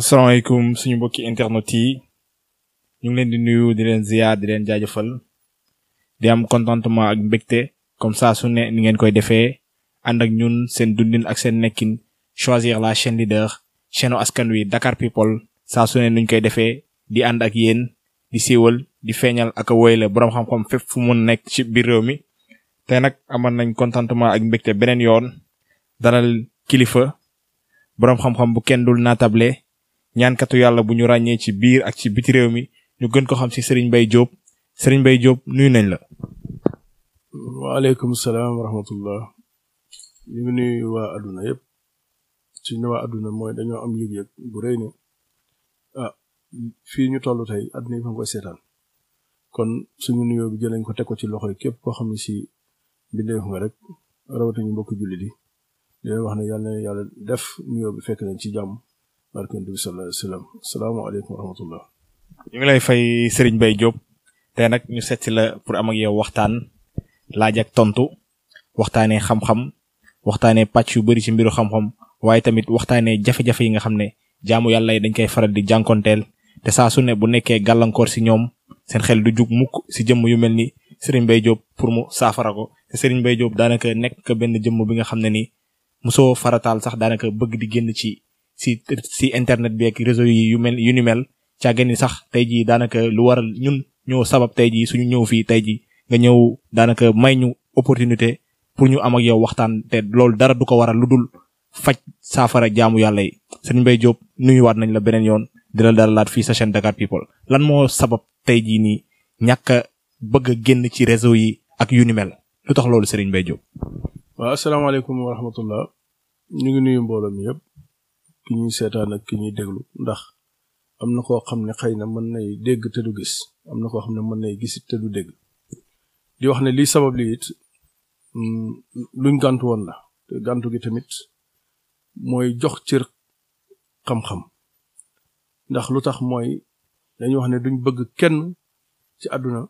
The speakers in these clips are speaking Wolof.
asalaamaaleykum suñu mbokki internet yi ñu ngi leen di nuyu di leen ziar di leen jaajëfal di am contentement ak mbégte comme ça su ne ni ngeen koy defee ànd ak ñun seen dundin ak seen nekkin choisir la chaîne leader chaîne askan wi Dakar People saa su nuñ koy defee di ànd ak yéen di siiwal di feeñal ak a woyle boroom xam-xam fépp fu mun nekk ci biir réew mi te nag amal nañ contentement ak mbégte beneen yoon dalal kilifa boroom xam-xam bu kenn dul naatable ñaankatu yàlla bu ñu ràññee ci biir ak ci biti réew mi ñu gën ko xam ci sëriñ bay Diop sëriñ bay jóob nuyu nañ la. waaleykum salaam wa rahmatullah ñu ngi nuyu waa àdduna yëpp suñ àdduna mooy dañoo am yëg bu rëy ah, ñu toll tey àdduna yi fa nga koy seetaan kon suñu nuyoo bi jëlañ ko teg ko ci loxo yi képp koo xam ne si mbindeef nga rek rawatina ñu mbokk jullit di leen wax ne yàlla na yàlla def nuyoo bi fekk nañ ci jàmm. barke nabi sallallahu salaamaaleykum wa rahmatullah lay fay Serigne Baye Diop tey nag ñu seet la pour am yow waxtaan laaj ak tontu waxtaanee xam waxtaanee pàcc yu bëri ci mbiru xam waaye tamit waxtaanee jafe yi nga xam ne jaamu yàlla yi dañ koy faral di jànkonteel te saa su bu nekkee gàllankoor si ñoom seen xel du jug mukk si jëmm yu mel ni Serigne Baye Diop pour mu saafara ko te Serigne Baye Diop daanaka nekk benn jëmm bi nga xam ne ni mësoo farataal sax daanaka bëgg di génn ci. si si internet bi ak réseau yi yu mel yu ni mel càgge ni sax tey jii daanaka lu waral ñun ñëw sabab tey jii suñu ñëw fii tey jii nga ñëw daanaka may ñu opportunité pour ñu am ak yow waxtaan te loolu dara du ko waral lu dul faj saafara jaamu yàlla yi sëñ Mbaye nuyu waat nañ la beneen yoon di la laat fii sa chaîne Dakar People lan moo sabab tey jii nii ñàkk bëgg a génn ci réseau yi ak yu ni mel lu tax loolu sëriñ bay Diop. waaw asalaamaaleykum wa rahmatullah ñu ngi nuyu mbooloo mi ki ñuy seetaan ak ki ñuy déglu ndax am na koo xam ne xëy na mën nay dégg te du gis am na koo xam ne mën nay gis te du dégg di wax ne lii sabab li it mm, luñ gàntu woon la te gàntu gi tamit mooy jox cër xam-xam ndax lu tax mooy dañuy wax ne duñ bëgg kenn ci àdduna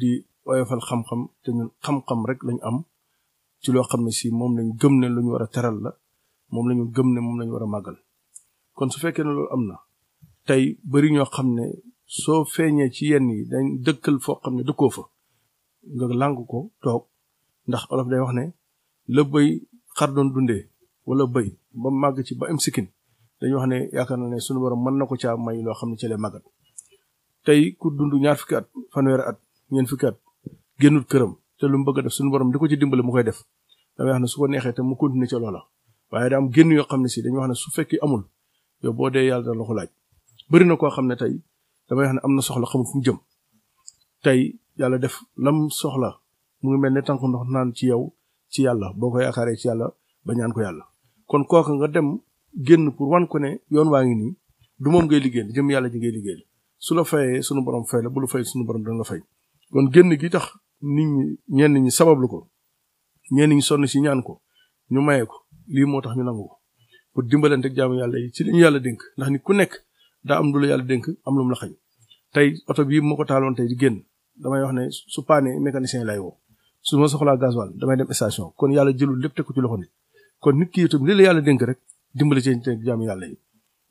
di oyofal xam-xam te ñun xam-xam rek lañ am ci loo xam ne si moom lañ gëm ne lu ñu war a teral la moom lañu gëm ne moom lañu war a màggal kon su fekkee ne loolu am na tey bëri ñoo xam ne soo feeñee ci yenn yi dañ dëkkal foo xam ne dëkkoo fa nga làng ko toog ndax olof day wax ne la bëy xar doon dundee wala bëy ba màgg ci ba am sikkin dañuy wax ne yaakaar na ne suñu borom mën na ko caa may loo xam ne ci lay màggat tey ku dund ñaar fukki at fanweeri at ñeent fukki at génnut këram te lu mu bëgg a def suñu borom di ko ci dimbale mu koy def damay wax ne su ko neexee te mu continuer ca loola waaye daa am yoo xam ne si dañuy wax ne su fekkee amul yow boo dee yàlla da loxo ko laaj bëri na koo xam ne tey damay wax ne am na soxla xamul fu jëm tey yàlla def lam soxla mu ngi mel ne tànk ndox naan ci yow ci yàlla boo ko yaakaaree ci yàlla ba ñaan ko yàlla kon kooka nga dem génn pour wan ko ne yoon waa ngi nii du moom ngay liggéey liggéeyal jëm yàlla ji ngay liggéeyal su la fayee sunu borom fay la bu lu fay sunu borom dana la fay kon génn gi tax nit ñi ñenn ñi sabablu ko ñenn ñi sonn si ñaan ko ñu mayee ko lii moo tax ñu nangu pour dimbalante ak jaamu yàlla yi ci li ñu yàlla dénk ndax ni ku nekk daa am lu la yàlla dénk am lu mu la xañ tey oto bii moo ko taaloon tey di génn damay wax ne su paanee mécanicien lay woo su ma soxlaa gasoil damay dem station kon yàlla jëlul lépp teg ko ci loxo nit kon nit ki itam li la yàlla dénk rek dimbali ci jaamu yàlla yi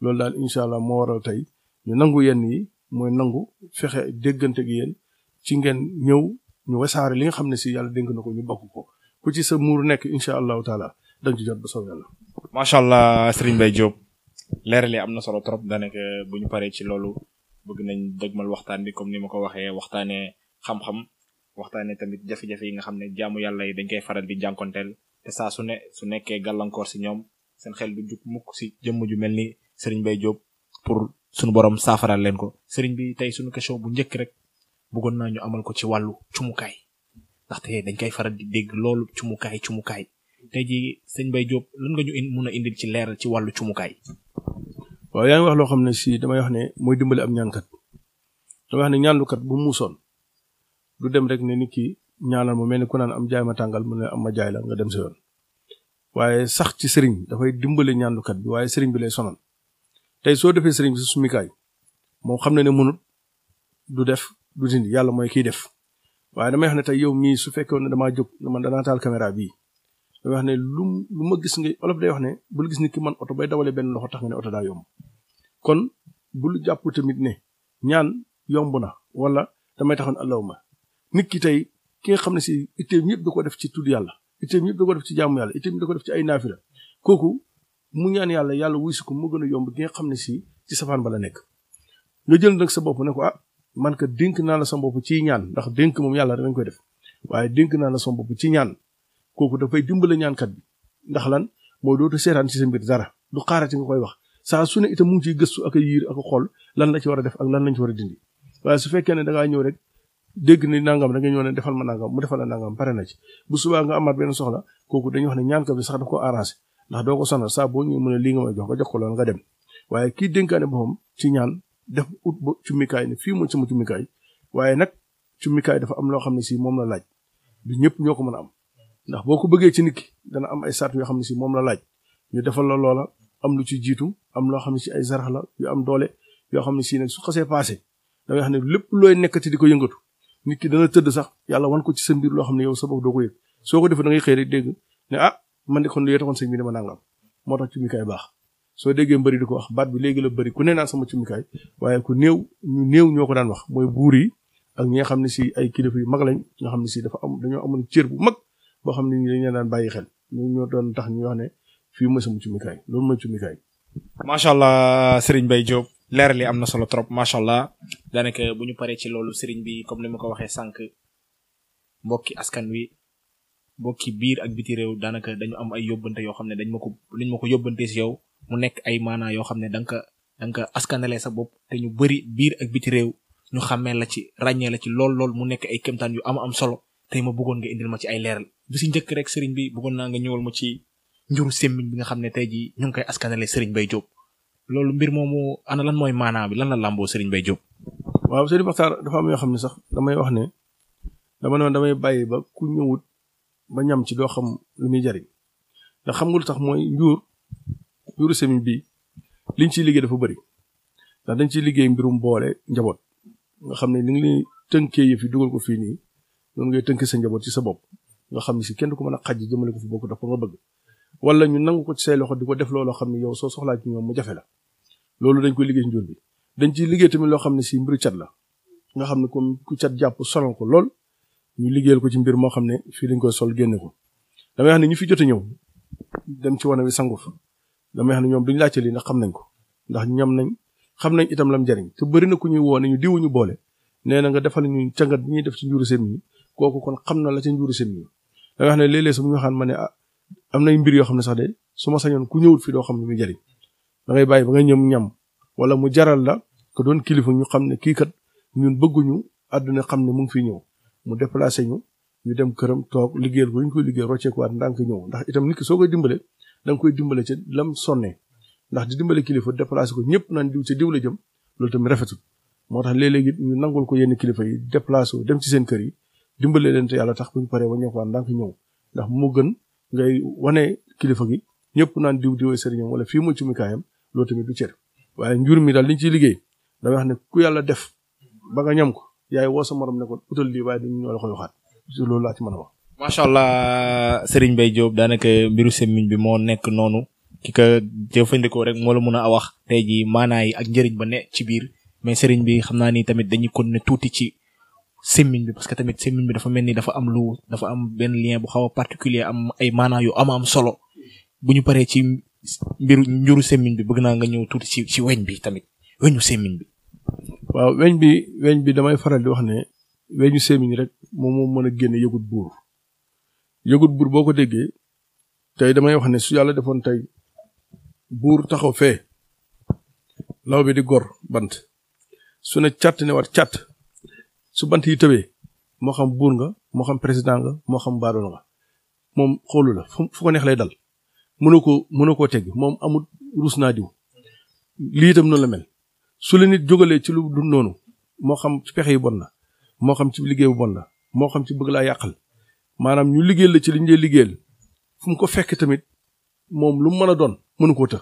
loolu daal incha allah moo waral tey ñu nangu yenn yi mooy nangu fexe déggante gi yéen ci ngeen ñëw ñu wasaare li nga xam ne si yàlla dénk na ko ñu bokk ko ku ci sa muur nekk incha allahu taala dañ ci jot ba soobee macha allah Serigne Mbaye Diop leeral yi am na solo trop daanaka bu ñu paree ci loolu bëgg nañ dëgmal waxtaan bi comme ni ma ko waxee waxtaanee xam-xam waxtaanee tamit jafe-jafe yi nga xam ne jaamu yàlla yi dañ koy faral di jànkonteel te saa su ne su nekkee gàllankoor si ñoom seen xel du jug mukk si jëmm ju mel ni Serigne Mbaye Diop pour suñu borom saafaral leen ko Serigne bi tey suñu question bu njëkk rek bëggoon naa ñu amal ko ci wàllu cumukaay ndaxte dañ koy faral di dégg loolu cumukaay cumukaay tey jii sëñ bay Diop lan nga ñu mun a indil ci leeral ci wàllu cumukaay. waaw yaa ngi wax loo xam ne si damay wax ne mooy dimbali ab ñaankat damay wax ne ñaanlukat bu muusoon du dem rek ne nit ki ñaanal mu mel ni ku naan am jaay ma tàngal mu ne am ma jaay la nga dem sa yoon waaye sax ci sëriñ dafay dimbali ñaanlukat bi waaye sëriñ bi lay sonal tey soo defee sëriñ bi si sumikaay moom xam ne ne mënut du def du dindi yàlla mooy kiy def waaye damay wax ne tey yow mii su fekkoon ne damaa jóg man danaa taal caméra bii. damay ne lu lu ma gis nga olof day wax ne bul gis nit ki man oto bay dawale benn loxo tax nga ne oto daa yomb kon bul jàpp tamit ne ñaan yomb na wala damay taxoon allahuma nit ki tey ki nga xam ne si itteem yëpp da ko def ci tudd yàlla ko def ci jaamu yàlla itteem yëpp da ko def ci ay naafila kooku mu ñaan yàlla yàlla wuy si ko mu gën a yomb ki xam ne si ci safaan ba la nekk nga jël nag sa bopp ne ko ah man ka dënk naa la sa bopp ci ñaan dénk moom yàlla danañ koy def waaye dénk naa la sa bopp ci ñaan kooku dafay dimbale ñaankat bi ndax lan mooy dootu seetaan ci sa mbir dara du xaarati nga koy wax saa su ne itam mu ngi ciy gëstu ak a xool lan la ci war a def ak lan lañ ci war a dindi waaye fekkee ne da ñëw rek dégg ni nangam da nga ñëw ne defal ma nangam mu defal la pare na ci bu subaa nga amaat benn kooku dañuy wax ne ñaankat bi sax daf ko arrangé ndax doo ko sonal saa boo ñëwee mu a lii nga may jox nga jox ko loolu nga dem waaye kii dénkaane boppam ci ñaan def ut ba cummikaay ne fii mooy sama cummikaay waaye nag cummikaay dafa am loo xam ne sii moom la laaj du ñoo ko mën a am ndax boo ko bëggee ci nikki dana am ay sart yoo xam ne si moom la laaj ñu defal la loola am lu ci jiitu am loo xam ne si ay sarax la yu am doole yoo xam ne si nag su xasee passé da ngay xam ne lépp looy nekkati di ko yëngatu nit ki dana tëdd sax yàlla wan ko ci sa mbir loo xam ne yow sa bopp doo ko defee da ngay rek dégg ne ah man de kon li taxoon sëñ bi dama nangam moo tax cumikaay baax soo déggee mbëri di ko wax baat bi léegi la bëri ku nee naa sama cumikaay waaye ku ñu néew ñoo ko daan wax mooy buur yi ak ñi nga xam ne si ay kilifa yu mag lañ nga xam ne si dafa am dañoo amoon cër bu mag boo xam ni nii dañ leen daan bàyyi xel ñoom ñoo doon tax ñu wax ne fii mooy sa muccumikaay loolu mooy muccumikaay. macha allah Serigne Baye Diop leer li am na solo trop macha allah daanaka bu ñu paree ci loolu sëriñ bi comme ni ma ko waxee sànq mbokki askan wi mbokki biir ak biti réew daanaka dañu am ay yóbbante yoo xam ne dañ ma ko dañ ma ko yóbbante si yow mu nekk ay maanaa yoo xam ne da ko da ko askanalee sa bopp te ñu bëri biir ak biti réew ñu xàmmee la ci ràññee la ci lool lool mu nekk ay kéemtaan yu am am solo. tey ma bëggoon nga indil ma ci ay leeral bi si njëkk rek sëriñ bi bëggoon naa nga ñëwal ma ci njuru semmiñ bi nga xam ne tey jii ñu ngi koy askanale sëriñ bay Diop loolu mbir moomu ana lan mooy maanaam bi lan la làmboo sëriñ bay Diop. waaw sëriñ Maxtaar dafa am yoo xam ne sax damay wax ne dama damay bàyyi ba ku ñëwut ba ñam ci doo xam lu muy jariñ ndax xam nga lu mooy njur njuuru semmiñ bi liñ ciy liggéey dafa bari ndax dañ ciy liggéey mbirum boole njaboot nga xam ne ni ngi tënkee yëf dugal ko fii nii noonu ngay tënk sa njaboot ci sa bopp nga xam ne si kenn du ko a xaj jëmale ko fi bokk dafa nga bëgg wala ñu nangu ko ci say loxo di ko def looloo xam ne yow soo soxlaa ci ñoom la loolu dañ koy liggéey njur bi dañ ciy liggéey tamit loo xam ne si mbiru cat la nga xam ne comme ku cat jàpp solon ko lool ñu liggéeyal ko ci mbir moo xam ne fii lañ koy sol génne ko damay wax ne ñu fi jot ñëw dem ci wana wi sangu fa damay wax ñoom duñu laajte lii ndax xam nañ ko ndax ñam nañ xam nañ itam lam jariñ te bari na ku ñuy woo ne ñu diwuñu boole nee na nga defal ñu càngat bi ñuy def ci njuru seen yi kooku kon xam na la ca njuuru seen biir da xam ne léeg-léeg mu ma waxaan ma ne ah am nay mbir yoo xam ne sax de su ma sañoon ku ñëwut fii doo xam ne muy jariñ da ngay bàyyi ba ngay ñëm ñam wala mu jaral la ko doon kilifa ñu xam ne kii kat ñun bëgguñu àdduna xam ne mu ngi fi ñëw mu déplacé ñu ñu dem këram toog liggéeyal ko ñu koy liggéeyal rocceekuwaat ndànk ñëw ndax itam nit ki soo koy dimbale da koy dimbale ca lam sonne ndax di dimbale kilifa déplacé ko ñëpp naan diw ca diw la jëm loolu tamit rafetul moo tax léeg-léeg it ñu nangul ko yenn kilifa yi déplacé dem ci seen kër yi dimbale leen te yàlla tax bu ñu paree waññeeku waan ndànk ñëw ndax moo gën ngay wane kilifa gi ñëpp naan diw diwee sëriñam wala fii mu ci mikaayam loolu tamit du cër waaye njur mi daal li ñu liggéey damay wax ne ku yàlla def ba nga ñam ko yaay woo sa morom ne ko utal lii waaye dañu ñoo la koy waxaat loolu laa ci mën a wax. macha allah Serigne Mbaye daanaka mbiru semmiñ bi moo nekk noonu ki ko jëfandikoo rek moo la mën a wax tey jii maanaa yi ak njëriñ ba ne ci biir mais Serigne bi xam naa ni tamit dañuy kon tuuti ci sémmiñ bi parce que tamit sémmiñ bi dafa mel ni dafa am lu dafa am benn lien bu xaw a particulier am ay maanaa yu ama am solo bu ñu paree ci mbiru njuru sémmiñ bi bëgg naa nga ñëw tuuti ci ci weñ bi tamit weñu sémmiñ bi. waaw weñ bi weñ bi damay faral di wax ne weñu sémmiñ rek moom moo mën a génn yëgut buur yëgut buur boo ko déggee tey damay wax ne su yàlla defoon tey buur taxaw fee law bi di gor bant su ne càtt ne waat càtt su bant yi tëbee moo xam buur nga moo xam président nga moo xam baadool nga moom xoolu la fu ko neex lay dal mënoo ko mënoo koo tegg moom amul ruus naa diw lii itam noonu la mel su la nit jógalee ci lu du noonu moo xam ci pexe yi bon na moo xam ci liggéey bu bon la moo xam ci bëgg laa yàqal maanaam ñu liggéeyal la ci li ñu lay liggéeyal fu mu ko fekk tamit moom lu mën a doon mënu koo të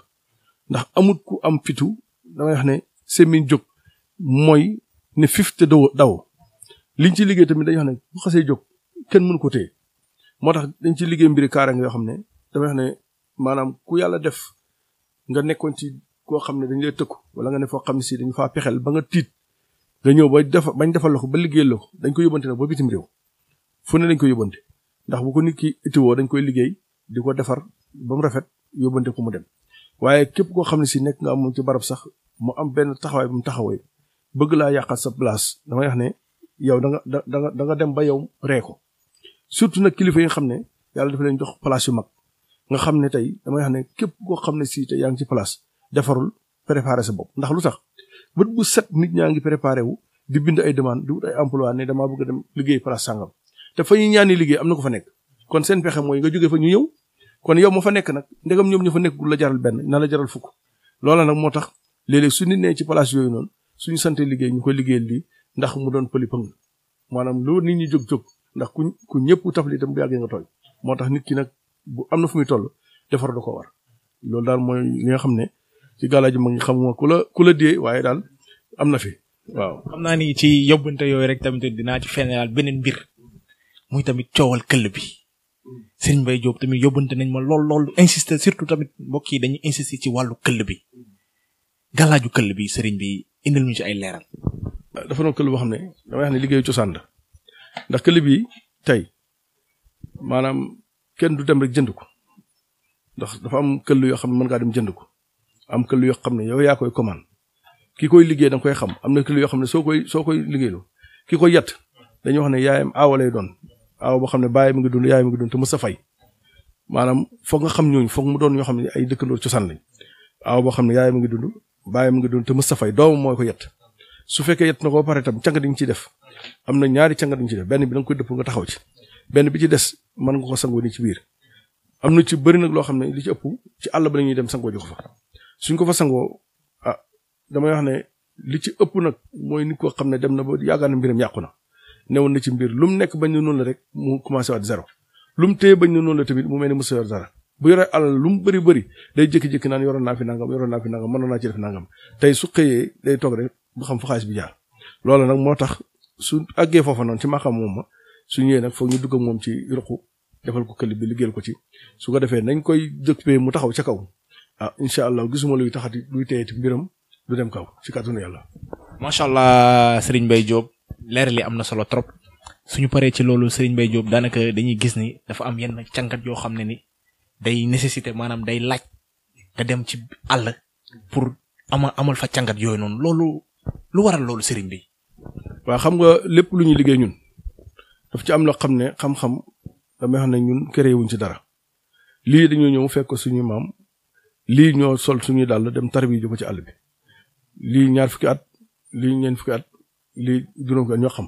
ndax amut ku am fitu damay wax ne semin jóg mooy ne fif te daw liñ ci liggéey tamit dañuy wax ne bu xasee jóg kenn mënu ko téye moo tax dañ ci liggéey mbiri kaaraange yoo xam ne damay wax ne maanaam ku yàlla def nga nekkoon ci koo xam ne dañ lay tëkku wala nga ne foo xam ne si dañu faa pexeel ba nga tiit nga ñëw ba def bañ defal la ba liggéey la dañ ko yóbbante nag ba bitim réew fu ne dañ ko yóbbante ndax bu ko nit ki itiwoo dañ koy liggéey di ko defar ba mu rafet yóbbante ko mu dem waaye képp koo xam ne si nekk nga amoon ci barab sax mu am benn taxawaay bu mu taxawee bëgg laa yàqal sa place damay wax ne yow da nga da nga da nga dem ba yow ree ko surtout nag kilifa yi nga xam ne yàlla dafa leen jox place yu mag nga xam ne tey damay xam ne képp koo xam ne si tey yaa ngi ci place defarul préparé sa bopp ndax lu sax bët bu set nit ñaa ngi préparé wu di bind ay demande di wut ay emploi ne dama bëgg a dem liggéey place sàngam te fa ñuy ñaani liggéey am na ko fa nekk kon seen pexe mooy nga jógee fa ñu ñëw kon yow ma fa nekk nag ndegam ñoom ñoo fa nekk du la jaral benn na la jaral fukk loola nag moo tax léeg su nit nee ci place yooyu noonu suñu sante liggéey ñu koy liggéeyal lii ndax mu doon pëli pëng maanaam lu nit ñi jóg-jóg ndax ku ku ñëpp taf li tam bu yàggee nga tooy moo tax nit ki nag bu am na fu muy toll defar ko war loolu daal mooy li nga xam ne ci gàllaa ji mag ñi ku la ku la dee waaye daal am na fi waaw xam naa ni ci yóbbante yooyu rek tamit dinaa ci feneal beneen mbir muy tamit coowal këll bi sëñ Mbaye Diop tamit yobbante nañ ma lool lool insister surtout tamit mbokk yi dañuy insister ci wàllu këll bi galaaju këll bi sëriñ bi indil ñu ci ay leeral dafa doon këll boo xam ne damay wax ne liggéeyu cosaan la ndax këll bi tey maanaam kenn du dem rek jënd ko ndax dafa am këll yoo xam ne mën ngaa dem jënd ko am këll yoo xam ne yow yaa koy commande ki koy liggéey da koy xam am na këll yoo xam ne soo koy soo koy liggéeyloo ki koy yat dañuy wax ne yaayam aawa doon aawa boo xam ne baay mu ngi dund yaay mi ngi dund te mës a fay maanaam foog nga xam ñooñu foog mu doon ñoo xam ne ay dëkkandoo cosaan lañ aawa boo xam ne yaay mi ngi dund baay mu ngi dund te mës a fay doomam mooy ko yet su fekkee yett na ko pare tam cang di nga ciy def am na ñaari cang di nga ciy def benn bi da nga koy dëpp nga taxaw ci benn bi ci des mën nga ko sangoo ni ci biir am na ci bëri nag loo xam ne li ci ëpp ci àll ba la ñuy dem sangoo ji ko fa suñ ko fa sangoo ah damay wax ne li ci ëpp nag mooy nit koo xam ne dem na ba yaakaar ne mbiram yàqu na newoon na ci mbir lu mu nekk bañ na noonu la rek mu commencé wat zéro lu mu téye bañ na noon la tamit mu mel ni mosu yor dara bu yoree alal lu mu bëri bëri day jékki-jékki naan yoroon naa fi nangam yoroon naa fi nangam mënoon naa ci def nangam tey su xëyee day toog rek ba xam fu xaalis bi jaar loolu nag moo tax su àggee foofa noonu ci maxam moom ma su ñëwee nag foog ñu dugg moom ci ruqu defal ko këli bi liggéeyal ko ci su ko defee nañ koy dëppee mu taxaw ca kaw ah incha allah gisuma luy taxati luy teeyati mbiram du dem kaw ci kàttanu yàlla. macha allah Serigne Mbaye Diop leer li am na solo trop suñu paree ci loolu Serigne bay Diop daanaka dañuy gis ni dafa am yenn càngat yoo xam ne ni day nécessité maanaam day laaj nga dem ci àll pour ama amal fa càngat yooyu noonu lu waral loolu sëriñ bi. waaw xam nga lépp lu ñuy liggéey ñun daf ci am loo xam ne xam-xam damay xam ne ñun këree wuñ ci dara lii dañoo ñëw fekk suñu maam lii ñoo sol suñuy dàll dem tarbi ju ko ci àll bi lii ñaar fukki at lii ñeent fukki at lii juróom fukki at ñoo xam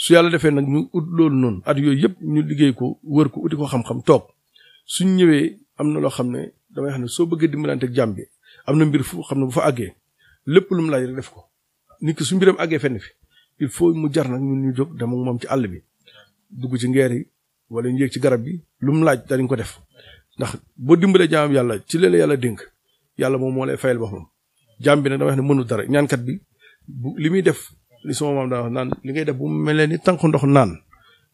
su yàlla defee nag ñu ut loolu noonu at yooyu yëpp ñu liggéey ko wër ko uti ko xam-xam toog suñ ñëwee am na loo xam ne damay xam ne soo bëggee dimbalante ak jàmm bi am na mbir fu xam ne bu fa àggee lépp lu mu def ko nit su mbiram àggee fenn fi il faut mu jar nag ñun ñu jóg dama moom ci àll bi dugg ci ngeer yi wala ñu yéeg ci garab bi lu mu laaj danañ ko def ndax boo dimbalee jaam yàlla ci leen yàlla dénk yàlla moom moo lay fayal boppam jaam bi nag dama wax ne mënul dara ñaankat bi bu li muy def li sama maam daa naan li ngay def bu mel ne ni tànk ndox naan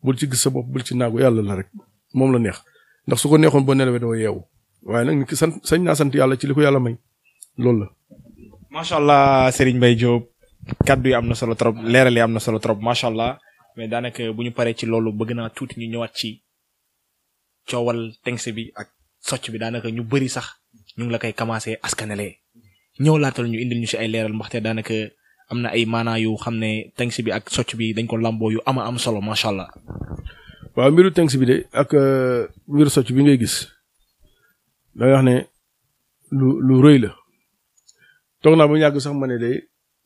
bul ci gis sa bopp bul ci naagu yàlla la rek moom la neex ndax su ko neexoon boo nelawee doo yeewu waaye nag nit ki sant sañ naa sant yàlla ci li ko yàlla may loolu la. macha allah Serigne kaddu yi am na solo trop leeral yi am na solo trop macha allah mais daanaka bu ñu paree ci loolu bëgg naa tuuti ñu ñëwaat ci coowal tengse bi ak socc bi daanaka ñu bëri sax ñu ngi la koy commencé askanalee ñëw laatal ñu indil si ay leeral mbaxte daanaka am na ay maanaa yu xam ne tengse bi ak socc bi dañ ko lamboo yu ama am solo macha allah. waaw mbiru tengse bi de ak euh, mbiru socc bi ngay gis da nga wax ne lu lu rëy la toog naa bu yàgg sax ma ne de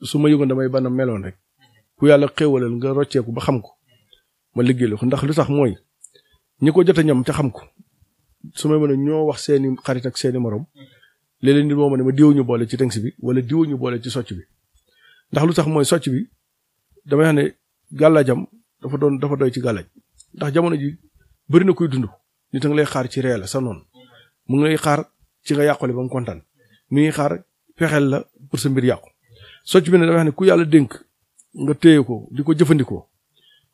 su ma yëgoon damay ban meloon rek ku yàlla xéewalal nga rocceeku ba xam ko ma liggéeyal ko ndax lu sax mooy ñi ko jot a ñam te xam ko su ma mën ñoo wax seeni xarit ak seeni morom léeg-léeg nit moom ma ne ma diw ñu boole ci tënks bi wala diw ñu boole ci socc bi ndax lu sax mooy socc bi damay ne gàllaajam dafa doon dafa doy ci gàllaaj ndax jamono ji bëri na kuy dund nit a lay xaar ci ree la sa noon mu ngi lay xaar ci nga yàqule ba mu kontaan mi ngi xaar fexeel la pour sa mbir yàqu socc bi ne dafa xam ne ku yàlla dénk nga téye ko di ko jëfandikoo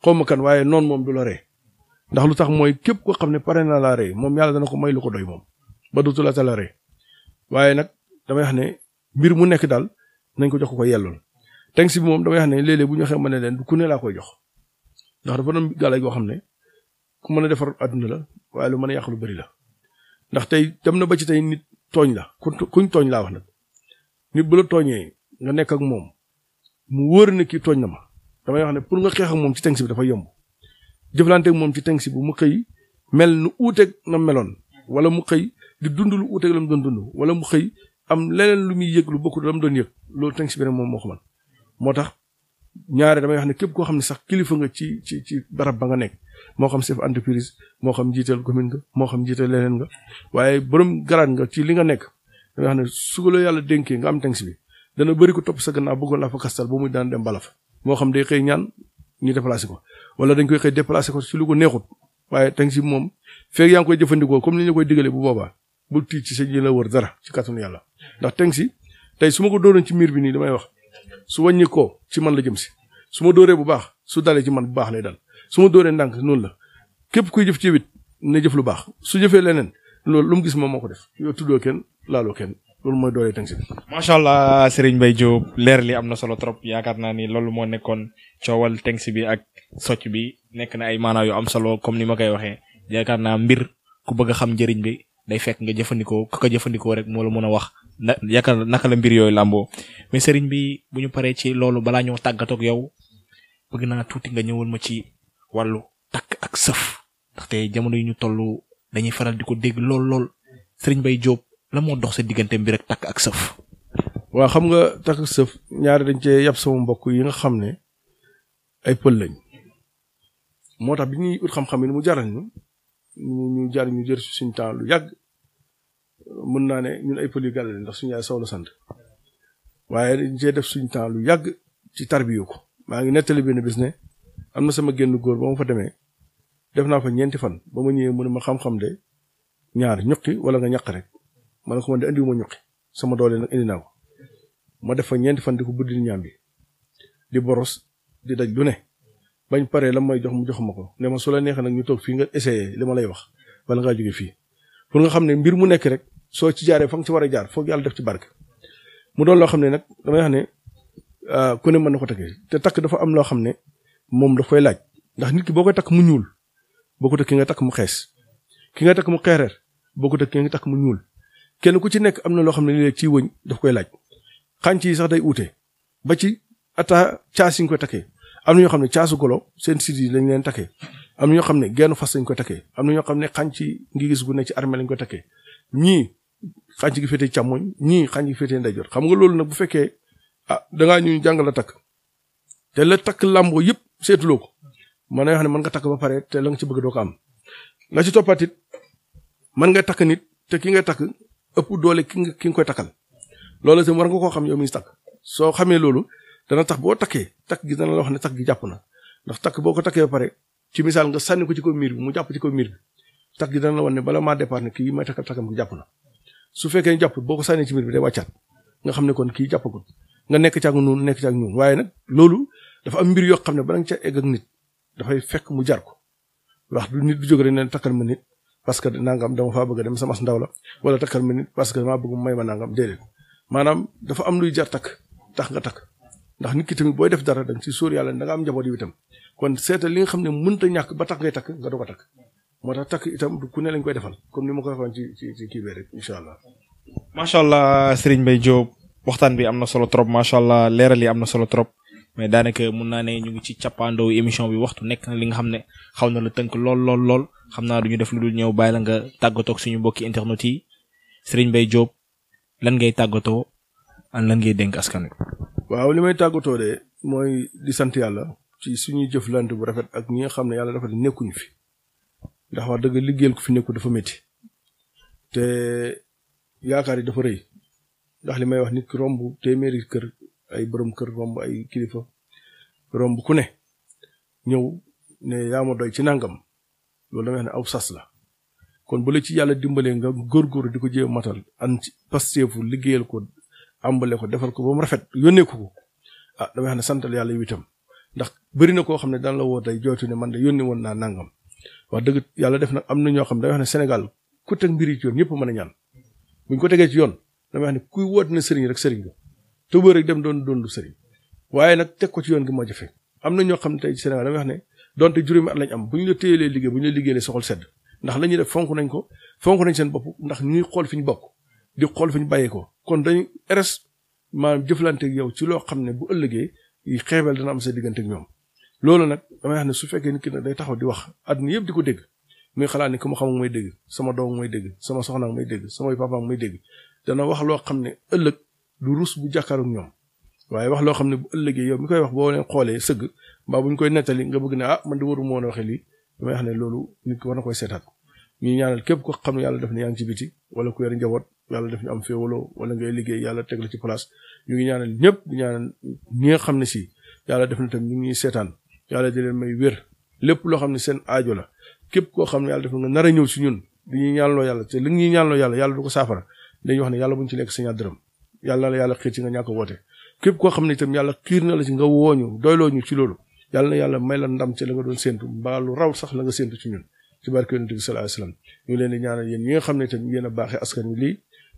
xaw ma kan waaye noonu moom du la ree ndax lu tax mooy képp koo xam ne pare na laa ree moom yàlla dana ko may lu ko doy moom ba dootu la la ree waaye nag damay wax ne mbir mu nekk daal nañ ko jox ko ko yellool teg si bi moom damay wax ne léeg bu ñu waxee ma ne leen du ku ne laa koy jox ndax dafa doon gàllay goo xam ne ku mën a defar àdduna la waaye lu mën a yàq lu bëri la ndax tey dem na ba ci tey nit tooñ la kuñ tooñ laa wax nag nga nekk ak moom mu wóor na kii tooñ na ma damay wax ne pour nga xeex ak moom ci tënk bi dafa yomb jëflante moom ci tënk si bi mu xëy mel nu uuteeg na meloon wala mu xëy di dund lu uuteeg la mu doon dund wala mu xëy am leneen lu muy yëg lu bokkul la doon yëg loolu tënk si bi rek moom moo ko moo tax ñaaree damay wax ne képp koo xam ne sax kilifa nga ci ci ci barab ba nga nekk moo xam chef entreprise moo xam njiital commune nga moo xam jiital leneen nga waaye borom garaat nga ci li nga nekk damay wax ne yàlla dénkee nga am tënk bi dana bëri ko topp sa naa bëggoon laa fa kastal ba muy daan dem balaf moo xam day xëy ñaan ñu déplacé ko wala dañ koy xëy déplacé ko si lu ko neexut waaye teng si moom feeg yaa ngi koy jëfandikoo comme ni ñu koy digale bu boobaa bul tiit ci sa ji la wër dara ci kàttanu yàlla ndax tang si tey su ma ko dóoroon ci miir bi nii damay wax su wàññi koo ci man la jëm si su ma dooree bu baax su dalee ci man bu baax lay dal su ma dóoree ndànk noonu la képp kuy jëf ci wit ne jëf lu baax su jëfee leneen loolu lu mu gis moom moo ko def yoo tuddoo kenn laaloo kenn loolu mooy doole tënk si bi. macha allah Serigne bay Diop leer li am na solo trop yaakaar naa ni loolu moo nekkoon coowal tënk si bi ak socc bi nekk na ay maanaa yu am solo comme ni ma koy waxee yaakaar naa mbir ku bëgg xam njëriñ bi day fekk nga jëfandikoo ku ko jëfandikoo rek moo la mën a wax na yaakaar naka la mbir yooyu làmboo mais Serigne bi bu ñu paree ci loolu balaa ñoo tàggatoog yow bëgg naa tuuti nga ñëwal ma ci wàllu takk ak sëf ndaxte jamono yi ñu toll dañuy faral di ko dégg lool lool Serigne Mbaye Diop la moo dox sa diggante bi rek takk ak sëf. waaw xam nga takk ak sëf ñaari dañ cee yab sama mbokk yi nga xam ne ay pël lañ moo tax bi ñuy ut xam-xam yi ni mu jaral ñu ñu jar ñu jër suñu temps lu yàgg mën naa ne ñun ay pël yu gàllale ndax suñu yaay sant waaye dañ cee def suñu temps lu yàgg ci tarbiyu ko maa ngi nettali benn bis ne am na sama génn góor ba ma fa demee def naa fa ñeenti fan ba ma ñëwee mu ne ma xam-xam de ñaar ñuqi wala nga ñaq rek man ne ko man de indiwu ma ñuqi sama doole nag indi naa ko ma def fa ñeenti fan di ko buddi ñaam bi di boros di daj lu ne bañ paree la may jox mu jox ma ko ne ma su la nag ñu toog fii nga essayé li lay wax bala ngaa jóge fii pour nga xam ne mbir mu nekk rek soo ci jaaree fa nga war a jaar foog yàlla def ci barke mu doon loo xam ne nag damay wax ne ah, ku ne mën na ko takkee te takk dafa am loo xam ne moom daf koy laaj ndax nit ki boo koy takk mu ñuul boo ko takk ki nga takk mu xees ki nga takk mu xeereer boo ko takk ki nga takk mu ñuul kenn ku ci nekk am na loo xam ne léegi ci wëñ daf koy laaj xànc yi sax day uute ba ci ataa caas yi ñu koy takkee am na ñoo xam ne caasu golo seen sit yi dañ takkee am ñoo xam ne genn fas lañ koy takkee am na ñoo xam ne xànc ngi gis gu ne ci armée lañ koy takkee ñii xànc gi féetee càmmoñ ñii xànc gi féetee ndeyjoor xam nga loolu nag bu fekkee a ah, dangaa ñu jàng la takk te la takk làmboo yëpp seetuloo ko mën na yoo xam ne mën nga takk ba pare te la nga ci bëgg doo ko am la ci toppatit mën nga takk nit te ki nga takk ëpp doole ki nga ki koy takkal loolu itam war nga koo xam yow mi ngi takk soo xamee loolu dana tax boo takkee takk gi dana loo xam ne takk gi jàpp na ndax takk boo ko takkee ba pare ci nga sànni ko ci kaw miir mu jàpp ci miir bi takk gi dana la ne bala maa départ ne kii may takkal takkam gi jàpp na su fekkee jàpp boo ko sànnee ci miir bi day wàccaat nga xam ne kon kii jàppagul nga nekk ci ak nekk ci ak waaye nag loolu dafa am mbir yoo xam ne bala nga ca egg ak nit dafay fekk mu jar ko wax du nit du jóg rek ne takkal ma nit parce que nangam dama faa bëgg a dem sama ndaw la wala takkal ma nit parce que maa bëgg mu may ma nangam déedéet maanaam dafa am luy jar takk tax nga takk ndax nit ki tamit booy def dara da nga ci sóor yàlla da am njaboot yi itam kon seetal li nga xam ne mën ta ñàkk ba tax ngay takk nga doog a takk moo tax takk itam du ku ne lañ koy defal comme ni ma ko waxoon ci ci ci kii bee rek incha allah. macha bay Serigne Mbaye waxtaan bi am na solo trop macha allah leeral yi am na solo trop. mais daanaka mun naa ne ñu ngi ci cappaandaw émission bi waxtu nekk na li nga xam ne xaw na la tënk lool lool lool xam naa du ñu def lu dul ñëw bàyyi la tàggatoo ak suñu mbokki internet yi Serigne Mbaye Diop lan ngay tàggatoo an lan ngay dénk askan wi. waaw li may tàggatoo de mooy di sant yàlla ci suñuy jëflante bu rafet ak ñi nga xam ne yàlla dafa nekkuñu fi ndax wax dëgg liggéeyal ko fi nekku dafa metti te yaakaar yi dafa rëy ndax li may wax nit ki romb téeméeri kër ay borom kër romb ay kilifa romb ku ne ñëw ne yaa ma doy ci nangam loolu damay wax ne aw sas la kon bu la ci yàlla dimbalee nga góorgóor di ko jéem matal am ci pasteefu liggéeyal ko àmbale ko defal ko ba mu rafet yónnee ko ko ah damay wax ne santal yàlla yu itam ndax bëri na koo xam ne daan la woo tey jooytu ne man de yónnee woon naa nangam wax dëgg yàlla def nag am na ñoo xam ne damay wax ne Sénégal ku teg mbiri ci yoon ñëpp mën a ñaan buñ ko tegee ci yoon damay ne kuy woote na sëriñ rek sëriñ tëbër rek dem doon doon lu sëriñ waaye nag teg ko ci yoon gi moo jafe am na ñoo xam ne tey Sénégal da wax ne donte juróomi at lañ am bu ñu la téyelee liggéey bu ñu la liggéeyee soxal sedd ndax la ñuy def fonk nañ ko fonk nañ seen bopp ndax ñuy xool fi ñu bokk di xool fi ñu bàyyee ko kon dañu res maanaam jëflante ak yow ci loo xam ne bu ëllëgee xeebel dana am sa diggante ñoom loolu nag damay wax ne su fekkee nit ki nag day taxaw di wax àdduna yëpp di ko dégg muy xalaat ni ku ma xamul may dégg sama doom may dégg sama soxnaam may dégg samay papaam may dégg dana wax loo xam ne ëllëg du rus bu jàkkaaru ñoom waaye wax loo xam ne bu ëllëgee yow mi koy wax boo leen xoolee sëgg mbaa bu ñu koy nettali nga bëgg ne ah man de waru ma woon waxee lii damay wax ne loolu nit war na koy seetaat ñuy ñaanal képp ko xam ne yàlla def ne yaa ngi ci biti wala ku yore njaboot yàlla def ñu am féewaloo wala ngay liggéey teg la ci place ñu ñaanal ñëpp di ñaanal ñi nga xam ne si yàlla def na tam ñu ngi seetaan yàlla di leen may wér lépp loo xam ne seen aajo la képp koo xam ne yàlla def nga nar ñëw si ñun di ñuy ñaanloo yàlla te li ñuy ñaanloo yàlla yàlla du ko saafara dañuy wax ne yàlla buñ ci lekk sa ñaar dërëm yàlla na yàlla xiir ci nga ñàkk woote képp koo xam ne itam yàlla xiir na la ci nga wooñu doyloo ñu ci loolu yàlla na yàlla may la ndam ci la nga doon séntu mbaa lu raw sax la nga séntu ci ñun ci barke yonent bi sallallahu alayhi wasallam ñu leen di ñaanal yéen ñi nga xam ne itam a baaxee askan wi lii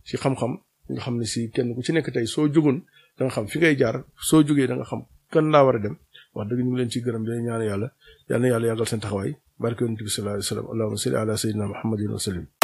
ci xam-xam nga xam ne si kenn ku ci nekk tey soo jógoon da nga xam fi ngay jaar soo jugee da nga xam kan laa war a dem wax dëgg ñu ngi leen ciy gërëm dina ñaan yàlla yal na yàlla yàggal seen taxawaay barke yonent bi sallallahu alayhi wasallam allahumma salli ala sayyidina muhammadin wa sallim